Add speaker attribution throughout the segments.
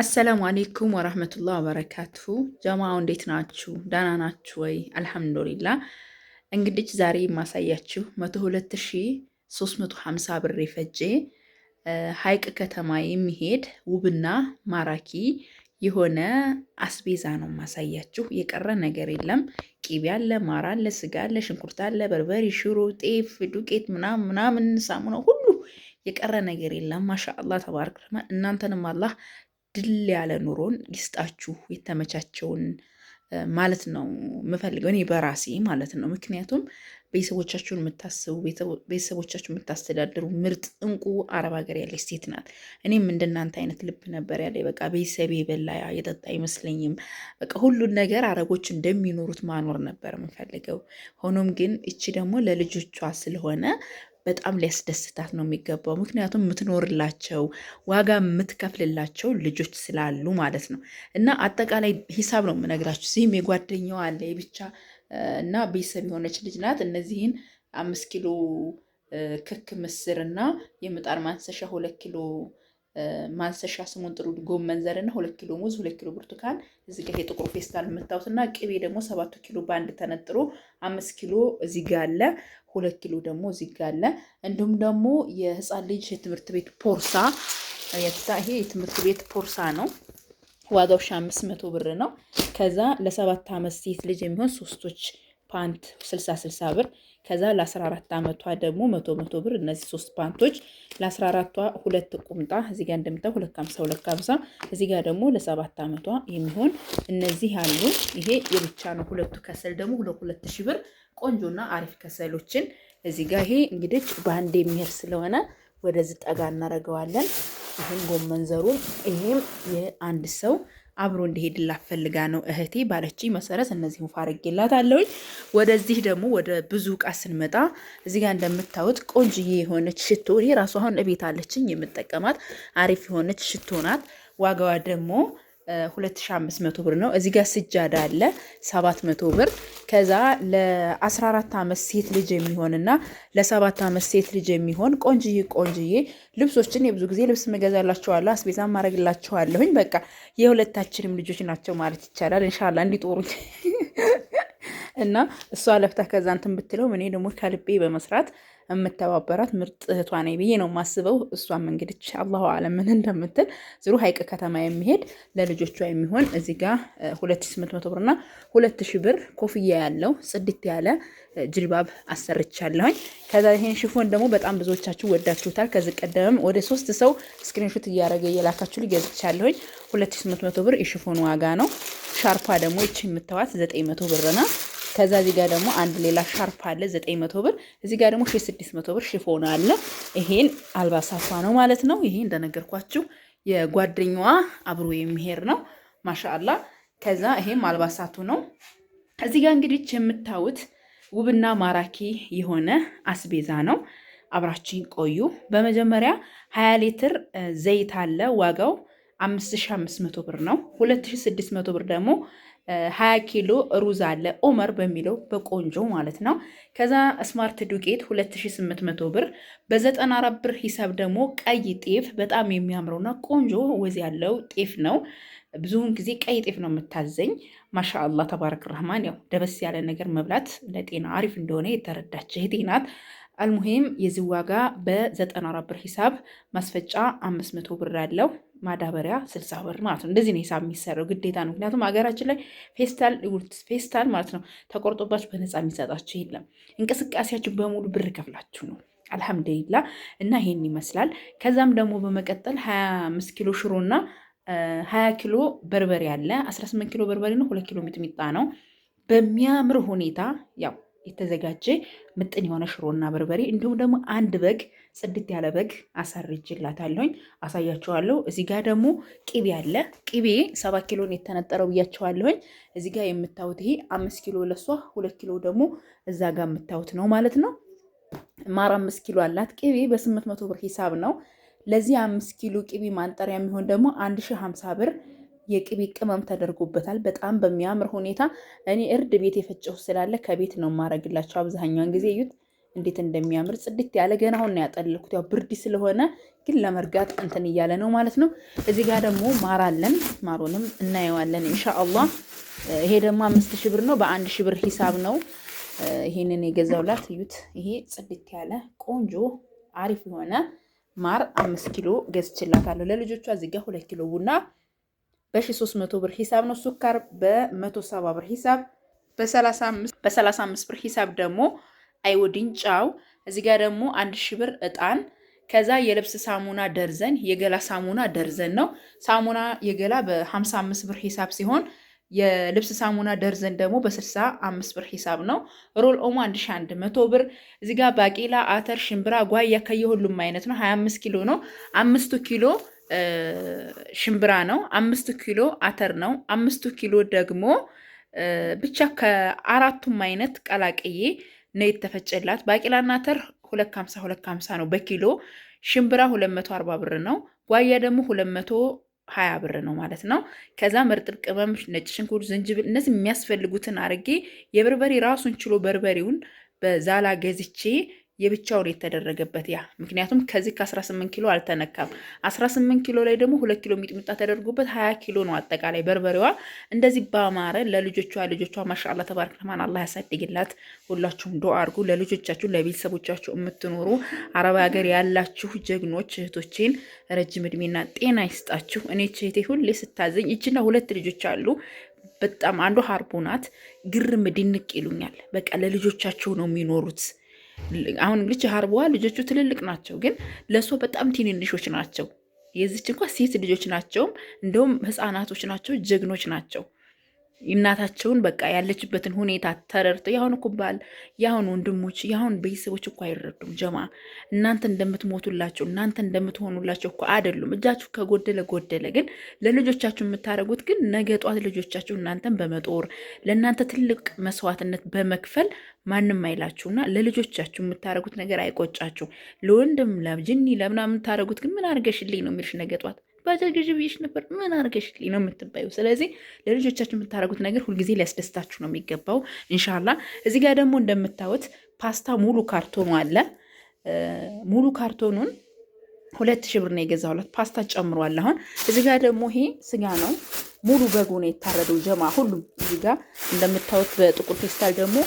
Speaker 1: አሰላሙ አሌይኩም ወራህመቱላህ ወበረካቱ። ጀማው እንዴት ናችሁ? ደህና ናችሁ ወይ? አልሐምዱሊላ። እንግዲህ ዛሬ የማሳያችሁ 102350 ብር የፈጀ ሀይቅ ከተማ የሚሄድ ውብና ማራኪ የሆነ አስቤዛ ነው የማሳያችሁ። የቀረ ነገር የለም። ቂቤ አለ፣ ማር አለ፣ ስጋ አለ፣ ሽንኩርት አለ፣ በርበሬ፣ ሽሮ፣ ጤፍ፣ ዱቄት ምናምን ምናምን፣ ሳሙና ሁሉ የቀረ ነገር የለም። ማሻ አላህ ተባረክ እናንተንም አላህ ድል ያለ ኑሮን ይስጣችሁ የተመቻቸውን ማለት ነው የምፈልገው እኔ በራሴ ማለት ነው። ምክንያቱም ቤተሰቦቻችሁን የምታስቡ ቤተሰቦቻችሁን የምታስተዳድሩ ምርጥ እንቁ አረብ ሀገር ያለች ሴት ናት። እኔም እንደናንተ አይነት ልብ ነበር ያለ። በቃ ቤተሰቤ የበላ የጠጣ አይመስለኝም። በቃ ሁሉን ነገር አረቦች እንደሚኖሩት ማኖር ነበር የምፈልገው። ሆኖም ግን እቺ ደግሞ ለልጆቿ ስለሆነ በጣም ሊያስደስታት ነው የሚገባው። ምክንያቱም የምትኖርላቸው ዋጋ የምትከፍልላቸው ልጆች ስላሉ ማለት ነው። እና አጠቃላይ ሂሳብ ነው የምነግራችሁ። ዚህም የጓደኛዋ አለ የብቻ እና ቤተሰብ የሆነች ልጅ ናት። እነዚህን አምስት ኪሎ ክክ ምስር እና የምጣድ ማንሰሻ ሁለት ኪሎ ማንሰሻ ስሙን ጥሩ ጎመን ዘር እና ሁለት ኪሎ ሙዝ፣ ሁለት ኪሎ ብርቱካን እዚህ ጋር የጥቁር ፌስታል የምታዩት እና ቅቤ ደግሞ ሰባቱ ኪሎ በአንድ ተነጥሮ አምስት ኪሎ እዚህ ጋ አለ። ሁለት ኪሎ ደግሞ እዚህ ጋ አለ። እንዲሁም ደግሞ የህፃን ልጅ የትምህርት ቤት ፖርሳ ይሄ የትምህርት ቤት ፖርሳ ነው። ዋጋው ሺ አምስት መቶ ብር ነው። ከዛ ለሰባት ዓመት ሴት ልጅ የሚሆን ሶስቶች ፓንት 60 60 ብር ከዛ ለ14 ዓመቷ ደግሞ መቶ መቶ ብር እነዚህ ሶስት ፓንቶች ለ14ቷ ሁለት ቁምጣ እዚህ ጋር እንደምታው 250 250 እዚህ ጋር ደግሞ ለ7 ዓመቷ የሚሆን እነዚህ አሉ። ይሄ የብቻ ነው። ሁለቱ ከሰል ደግሞ 2000 ብር ቆንጆና አሪፍ ከሰሎችን እዚህ ጋር ይሄ እንግዲህ በአንድ የሚሄድ ስለሆነ ወደዚህ ጠጋ እናደርገዋለን። ይህም ጎመን ዘሩ ይሄም የአንድ ሰው አብሮ እንዲሄድላት ላፈልጋ ነው እህቴ ባለችኝ መሰረት እነዚህን ፋረጌላት አለውኝ። ወደዚህ ደግሞ ወደ ብዙ እቃ ስንመጣ እዚህ ጋር እንደምታዩት ቆንጅዬ የሆነች ሽቶ ራሱ አሁን እቤት አለችኝ የምጠቀማት አሪፍ የሆነች ሽቶ ናት። ዋጋዋ ደግሞ 2500 ብር ነው። እዚህ ጋር ስጃዳ አለ 700 ብር ከዛ ለ14 ዓመት ሴት ልጅ የሚሆንና ለ7 ዓመት ሴት ልጅ የሚሆን ቆንጅዬ ቆንጅዬ ልብሶችን የብዙ ጊዜ ልብስ መገዛላቸዋለሁ፣ አስቤዛ ማድረግላቸዋለሁኝ። በቃ የሁለታችንም ልጆች ናቸው ማለት ይቻላል። እንሻላ እንዲጦሩኝ እና እሷ ለፍታ ከዛ እንትን ብትለው እኔ ደግሞ ከልቤ በመስራት የምተባበራት ምርጥ እህቷ ነኝ ብዬ ነው ማስበው። እሷም እንግዲች አላሁ አለም ምን እንደምትል ዝሩ ሀይቅ ከተማ የሚሄድ ለልጆቿ የሚሆን እዚህ ጋ 2800 ብርና 2000 ብር ኮፍያ ያለው ጽድት ያለ ጅልባብ አሰርቻለሁኝ። ከዛ ይሄን ሽፎን ደግሞ በጣም ብዙዎቻችሁ ወዳችሁታል። ከዚህ ቀደምም ወደ ሶስት ሰው ስክሪንሾት እያደረገ እየላካችሁ ገዝቻለሁኝ። 2800 ብር የሽፎን ዋጋ ነው። ሻርፓ ደግሞ ይቺ የምታዋት 900 ብር ናት። ከዛ እዚህ ጋር ደግሞ አንድ ሌላ ሻርፕ አለ 900 ብር። እዚህ ጋር ደግሞ መቶ ብር ሽፎን አለ። ይሄን አልባሳቷ ነው ማለት ነው። ይሄ እንደነገርኳችሁ የጓደኛዋ አብሮ የሚሄድ ነው። ማሻአላ። ከዛ ይሄም አልባሳቱ ነው። እዚህ ጋር እንግዲህ የምታዩት ውብና ማራኪ የሆነ አስቤዛ ነው። አብራችን ቆዩ። በመጀመሪያ 20 ሊትር ዘይት አለ ዋጋው 5500 ብር ነው። 2600 ብር ደግሞ 20 ኪሎ ሩዝ አለ ኦመር በሚለው በቆንጆ ማለት ነው። ከዛ ስማርት ዱቄት 2800 ብር። በ94 ብር ሂሳብ ደግሞ ቀይ ጤፍ በጣም የሚያምረውና ቆንጆ ወዝ ያለው ጤፍ ነው። ብዙውን ጊዜ ቀይ ጤፍ ነው የምታዘኝ። ማሻአላ ተባረክ ረህማን። ያው ደበስ ያለ ነገር መብላት ለጤና አሪፍ እንደሆነ የተረዳች እህቴ ናት። አልሙሄም የዚህ ዋጋ በ94 ብር ሂሳብ ማስፈጫ 500 ብር አለው። ማዳበሪያ ስልሳ ብር ማለት ነው። እንደዚህ ነው ሂሳብ የሚሰራው ግዴታ ነው። ምክንያቱም ሀገራችን ላይ ፌስታል ፌስታል ማለት ነው ተቆርጦባችሁ በነፃ የሚሰጣችሁ የለም። እንቅስቃሴያችሁ በሙሉ ብር ከፍላችሁ ነው። አልሐምዱሊላ እና ይሄን ይመስላል። ከዛም ደግሞ በመቀጠል 25 ኪሎ ሽሮ እና 20 ኪሎ በርበሬ አለ። 18 ኪሎ በርበሬ ነው፣ 2 ኪሎ ሚጣ ነው። በሚያምር ሁኔታ ያው የተዘጋጀ ምጥን የሆነ ሽሮና በርበሬ እንዲሁም ደግሞ አንድ በግ ጽድት ያለ በግ አሳርጅላታለሁኝ አሳያችኋለሁ። እዚህ ጋር ደግሞ ቅቤ አለ። ቅቤ ሰባት ኪሎን የተነጠረው ብያቸዋለሁኝ። እዚህ ጋር የምታዩት ይሄ አምስት ኪሎ ለሷ ሁለት ኪሎ ደግሞ እዛ ጋር የምታዩት ነው ማለት ነው። ማር አምስት ኪሎ አላት። ቅቤ በስምንት መቶ ብር ሂሳብ ነው። ለዚህ አምስት ኪሎ ቅቤ ማንጠሪያ የሚሆን ደግሞ አንድ ሺህ ሀምሳ ብር የቅቤ ቅመም ተደርጎበታል። በጣም በሚያምር ሁኔታ እኔ እርድ ቤት የፈጨሁ ስላለ ከቤት ነው ማረግላቸው አብዛኛውን ጊዜ እዩት እንዴት እንደሚያምር ጽድት ያለ ገና አሁን ያጠለኩት ያው ብርድ ስለሆነ ግን ለመርጋት እንትን እያለ ነው ማለት ነው። እዚህ ጋር ደግሞ ማር አለን። ማሩንም እናየዋለን ኢንሻአላህ። ይሄ ደግሞ አምስት ሺህ ብር ነው። በአንድ ሺህ ብር ሂሳብ ነው ይሄንን የገዛውላት። እዩት ይሄ ጽድት ያለ ቆንጆ አሪፍ የሆነ ማር አምስት ኪሎ ገዝችላታለሁ ለልጆቿ። እዚህ ጋር ሁለት ኪሎ ቡና በ1300 ብር ሂሳብ ነው። ሱካር በ170 ብር ሂሳብ፣ በ35 ብር ሂሳብ ደግሞ አይወዲን ጫው። እዚህ ጋር ደግሞ 1000 ብር እጣን። ከዛ የልብስ ሳሙና ደርዘን፣ የገላ ሳሙና ደርዘን ነው። ሳሙና የገላ በ55 ብር ሂሳብ ሲሆን የልብስ ሳሙና ደርዘን ደግሞ በ65 ብር ሂሳብ ነው። ሮል ኦሞ 1100 ብር። እዚህ ጋር ባቄላ፣ አተር፣ ሽምብራ፣ ጓያ ከየሁሉም አይነት ነው። 25 ኪሎ ነው። አምስቱ ኪሎ ሽምብራ ነው። አምስቱ ኪሎ አተር ነው። አምስቱ ኪሎ ደግሞ ብቻ ከአራቱም አይነት ቀላቅዬ ነው የተፈጨላት። ባቂላና አተር ሁለት ከሀምሳ ሁለት ከሀምሳ ነው በኪሎ ሽምብራ ሁለት መቶ አርባ ብር ነው። ጓያ ደግሞ ሁለት መቶ ሀያ ብር ነው ማለት ነው። ከዛም እርጥብ ቅመም፣ ነጭ ሽንኩርት፣ ዝንጅብል እነዚህ የሚያስፈልጉትን አርጌ የበርበሬ ራሱን ችሎ በርበሬውን በዛላ ገዝቼ የብቻውን የተደረገበት ያ ምክንያቱም ከዚህ ከ18 ኪሎ አልተነካም። 18 ኪሎ ላይ ደግሞ ሁለት ኪሎ ሚጥሚጣ ተደርጎበት 20 ኪሎ ነው አጠቃላይ በርበሬዋ። እንደዚህ በአማረ ለልጆቿ ልጆቿ ማሻላ ተባረክ ረህማን አላህ ያሳድግላት። ሁላችሁም ዶ አርጉ ለልጆቻችሁ ለቤተሰቦቻችሁ የምትኖሩ አረብ ሀገር ያላችሁ ጀግኖች እህቶቼን ረጅም እድሜና ጤና ይስጣችሁ። እኔ ቼቴ ሁሌ ስታዘኝ እችና ሁለት ልጆች አሉ በጣም አንዱ ሀርቦናት ግርም ድንቅ ይሉኛል። በቃ ለልጆቻቸው ነው የሚኖሩት አሁን ልጅ ሀርበዋ ልጆቹ ትልልቅ ናቸው፣ ግን ለእሷ በጣም ትንንሾች ናቸው። የዚች እንኳ ሴት ልጆች ናቸውም፣ እንደውም ህፃናቶች ናቸው፣ ጀግኖች ናቸው። እናታቸውን በቃ ያለችበትን ሁኔታ ተረድተው ያሁን እኮ ባል ያሁን ወንድሞች ያሁን ቤተሰቦች እኮ አይረዱም። ጀማ እናንተ እንደምትሞቱላቸው እናንተ እንደምትሆኑላቸው እኮ አይደሉም። እጃችሁ ከጎደለ ጎደለ፣ ግን ለልጆቻችሁ የምታደርጉት ግን ነገ ጧት ልጆቻችሁ እናንተን በመጦር ለእናንተ ትልቅ መስዋዕትነት በመክፈል ማንም አይላችሁና ለልጆቻችሁ የምታደርጉት ነገር አይቆጫችሁ። ለወንድም ለጅኒ ለምና የምታደርጉት ግን ምን አድርገሽልኝ ነው የሚልሽ ነገ ጧት ባጃጅ ግዢ ብዬሽ ነበር ምን አድርገሽልኝ ነው የምትባዩ። ስለዚህ ለልጆቻችሁ የምታደርጉት ነገር ሁልጊዜ ሊያስደስታችሁ ነው የሚገባው። እንሻላ እዚህ ጋር ደግሞ እንደምታዩት ፓስታ ሙሉ ካርቶኑ አለ። ሙሉ ካርቶኑን ሁለት ሺህ ብር ነው የገዛሁላት። ፓስታ ጨምሯል። አሁን እዚህ ጋር ደግሞ ይሄ ስጋ ነው ሙሉ በጎ ነው የታረደው። ጀማ ሁሉም እዚህ ጋር እንደምታዩት በጥቁር ፌስታል ደግሞ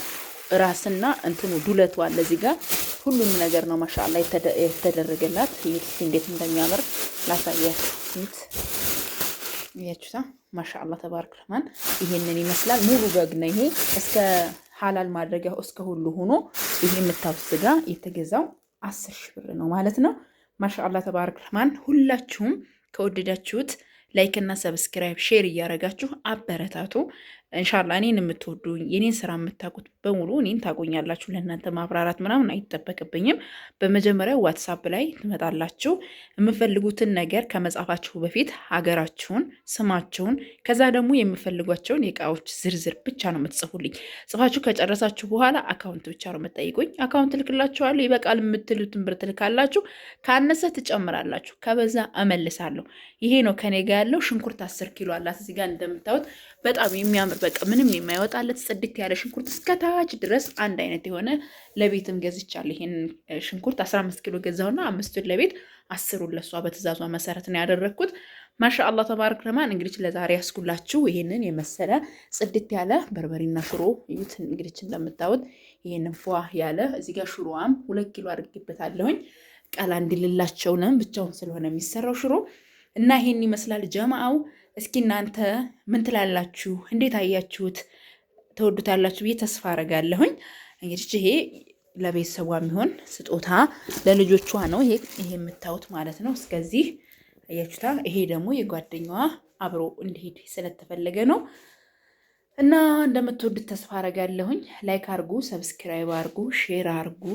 Speaker 1: ራስና እንትኑ ዱለቱ አለ እዚህ ጋር ሁሉም ነገር ነው ማሻላ የተደረገላት። ይህ እንዴት እንደሚያምር ላሳያችሁ። እዩት። እያችሁታ ማሻአላ ተባረክ ረህማን። ይሄንን ይመስላል ሙሉ በግ ነው ይሄ። እስከ ሀላል ማድረጊያ እስከ ሁሉ ሆኖ ይሄ የምታዩት ስጋ የተገዛው አስር ሺህ ብር ነው ማለት ነው። ማሻአላ ተባረክ ረህማን። ሁላችሁም ከወደዳችሁት ላይክ እና ሰብስክራይብ ሼር እያረጋችሁ አበረታቱ። እንሻላ እኔን የምትወዱኝ የኔን ስራ የምታውቁት በሙሉ እኔን ታጎኛላችሁ ለእናንተ ማብራራት ምናምን አይጠበቅብኝም። በመጀመሪያ ዋትሳፕ ላይ ትመጣላችሁ። የምፈልጉትን ነገር ከመጻፋችሁ በፊት ሀገራችሁን፣ ስማችሁን፣ ከዛ ደግሞ የምፈልጓቸውን የእቃዎች ዝርዝር ብቻ ነው የምትጽፉልኝ። ጽፋችሁ ከጨረሳችሁ በኋላ አካውንት ብቻ ነው የምትጠይቁኝ። አካውንት እልክላችኋለሁ። ይበቃል የምትሉትን ብር ትልካላችሁ። ካነሰ ትጨምራላችሁ፣ ከበዛ እመልሳለሁ። ይሄ ነው ከኔ ጋ ያለው። ሽንኩርት አስር ኪሎ አላት እዚህ ጋር እንደምታዩት በጣም የሚያምር ሽንኩርት በቃ ምንም የማይወጣለት ጽድት ያለ ሽንኩርት እስከታች ድረስ አንድ አይነት የሆነ ለቤትም ገዝቻለሁ። ይሄን ሽንኩርት አስራ አምስት ኪሎ ገዛሁና አምስቱን ለቤት አስሩን ለሷ በትእዛዟ መሰረት ነው ያደረግኩት። ማሻአላ ተባረክ ረማን። እንግዲህ ለዛሬ ያስኩላችሁ ይሄንን የመሰለ ጽድት ያለ በርበሬና ሽሮ እዩት። እንግዲህ እንደምታዩት ይሄንን ፏ ያለ እዚህ ጋር ሽሮዋም ሁለት ኪሎ አድርጌበታለሁኝ ቀላ እንዲልላቸው ብቻውን ስለሆነ የሚሰራው ሽሮ እና ይሄን ይመስላል ጀማአው እስኪ እናንተ ምን ትላላችሁ? እንዴት አያችሁት? ተወዱታላችሁ ብዬ ተስፋ አረጋለሁኝ። እንግዲህ ይሄ ለቤተሰቧ የሚሆን ስጦታ ለልጆቿ ነው። ይሄ የምታዩት ማለት ነው። እስከዚህ አያችሁታ። ይሄ ደግሞ የጓደኛዋ አብሮ እንዲሄድ ስለተፈለገ ነው እና እንደምትወዱት ተስፋ አረጋለሁኝ። ላይክ አርጉ፣ ሰብስክራይብ አርጉ፣ ሼር አርጉ።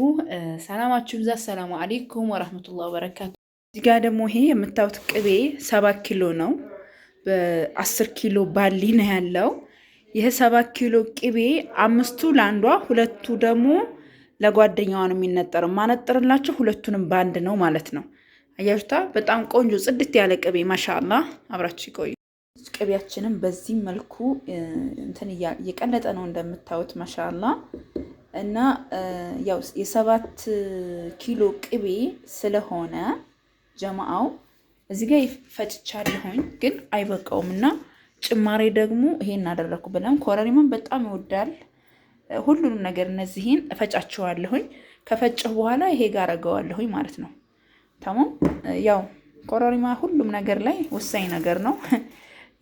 Speaker 1: ሰላማችሁ ብዛ። ሰላሙ አሌይኩም ወራህመቱላ ወበረካቱ። እዚጋ ደግሞ ይሄ የምታዩት ቅቤ ሰባ ኪሎ ነው። በአስር ኪሎ ባሊ ነው ያለው። ይህ ሰባት ኪሎ ቅቤ አምስቱ ለአንዷ ሁለቱ ደግሞ ለጓደኛዋ ነው የሚነጠረው። ማነጥርላቸው ሁለቱንም በአንድ ነው ማለት ነው። አያችሁታ በጣም ቆንጆ ጽድት ያለ ቅቤ ማሻላ። አብራችሁ ይቆዩ። ቅቤያችንም በዚህ መልኩ እንትን እየቀለጠ ነው እንደምታዩት ማሻላ። እና ያው የሰባት ኪሎ ቅቤ ስለሆነ ጀማአው እዚ ጋ ፈጭቻለሁኝ ግን አይበቃውም እና ጭማሬ ደግሞ ይሄን አደረግኩ ብለን ኮረሪማን በጣም ይወዳል። ሁሉንም ነገር እነዚህን እፈጫቸዋለሁኝ። ከፈጨሁ በኋላ ይሄ ጋር አረገዋለሁኝ ማለት ነው። ተሞም ያው ኮረሪማ ሁሉም ነገር ላይ ወሳኝ ነገር ነው።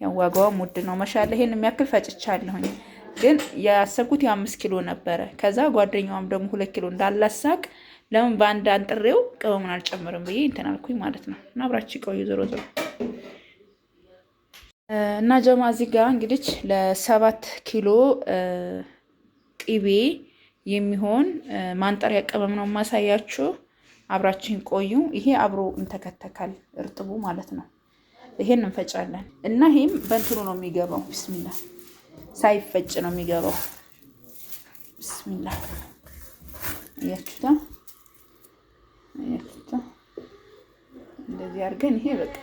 Speaker 1: ያው ዋጋዋም ውድ ነው። መሻለ ይሄን የሚያክል ፈጭቻለሁኝ ግን ያሰብኩት የአምስት ኪሎ ነበረ። ከዛ ጓደኛዋም ደግሞ ሁለት ኪሎ እንዳላሳቅ ለምን በአንድ አንጥሬው ቅመሙን አልጨምርም ብዬ እንትን አልኩኝ ማለት ነው። እና አብራችሁ ቆዩ ዞሮ ዞሮ እና ጀማ እዚህ ጋር እንግዲህ ለሰባት ኪሎ ቅቤ የሚሆን ማንጠሪያ ቅመም ነው የማሳያችሁ። አብራችን ቆዩ። ይሄ አብሮ እንተከተካል እርጥቡ ማለት ነው። ይሄን እንፈጫለን እና ይሄም በንትኑ ነው የሚገባው። ብስሚላ ሳይፈጭ ነው የሚገባው። ብስሚላ እያችሁታ እንደዚህ አድርገን ይሄ በቃ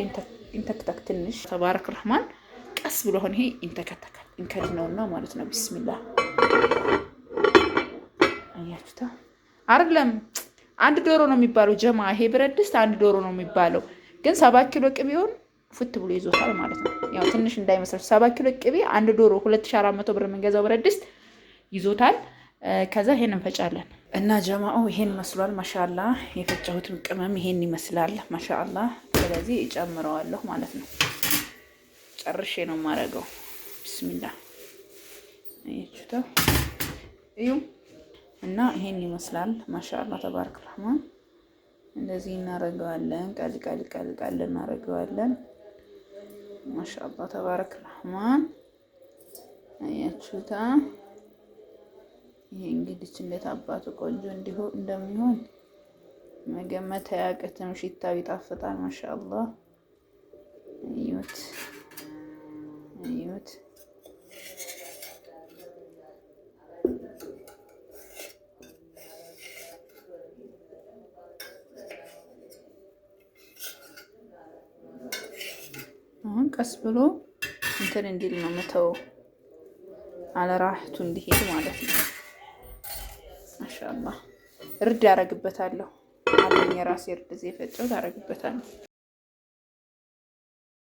Speaker 1: ኢንተክተክ ትንሽ ተባረክ ረህማን ቀስ ብሎ አሁን ይሄ ይንተከተካል። እንከድ ነውና ማለት ነው። ቢስሚላ አያችሁታ አይደለም። አንድ ዶሮ ነው የሚባለው ጀማ። ይሄ ብረት ድስት አንድ ዶሮ ነው የሚባለው፣ ግን ሰባት ኪሎ ቅቤውን ፉት ብሎ ይዞታል ማለት ነው። ያው ትንሽ እንዳይመስላችሁ ሰባት ኪሎ ቅቤ አንድ ዶሮ ሁለት ሺህ አራት መቶ ብር የምንገዛው ብረት ድስት ይዞታል። ከዛ ይሄን እንፈጫለን እና ጀማኦ ይሄን መስሏል። ማሻላ የፈጨሁትን ቅመም ይሄን ይመስላል። ማሻላ ስለዚህ እጨምረዋለሁ ማለት ነው። ጨርሼ ነው የማደርገው። ብስሚላ ይችተው እዩ እና ይሄን ይመስላል። ማሻላ ተባረክ ረህማን። እንደዚህ እናደርገዋለን። ቃል ቃል ቃል ቃል እናደርገዋለን። ማሻላ ተባረክ ረህማን። አያችሁታ ይሄ እንግዲህ እንዴት አባቱ ቆንጆ እንዲሁ እንደሚሆን መገመት አያቅትም። ሽታው ይጣፍጣል። ማሻአላህ እዩት፣ እዩት። አሁን ቀስ ብሎ እንትን እንዲል ነው መተው አለራህቱ እንዲሄድ ማለት ነው። ኢንሻአላህ እርድ አረግበታለሁ አለኝ። የራሴ እርድ እዚህ ፈጨው ታረግበታለሁ።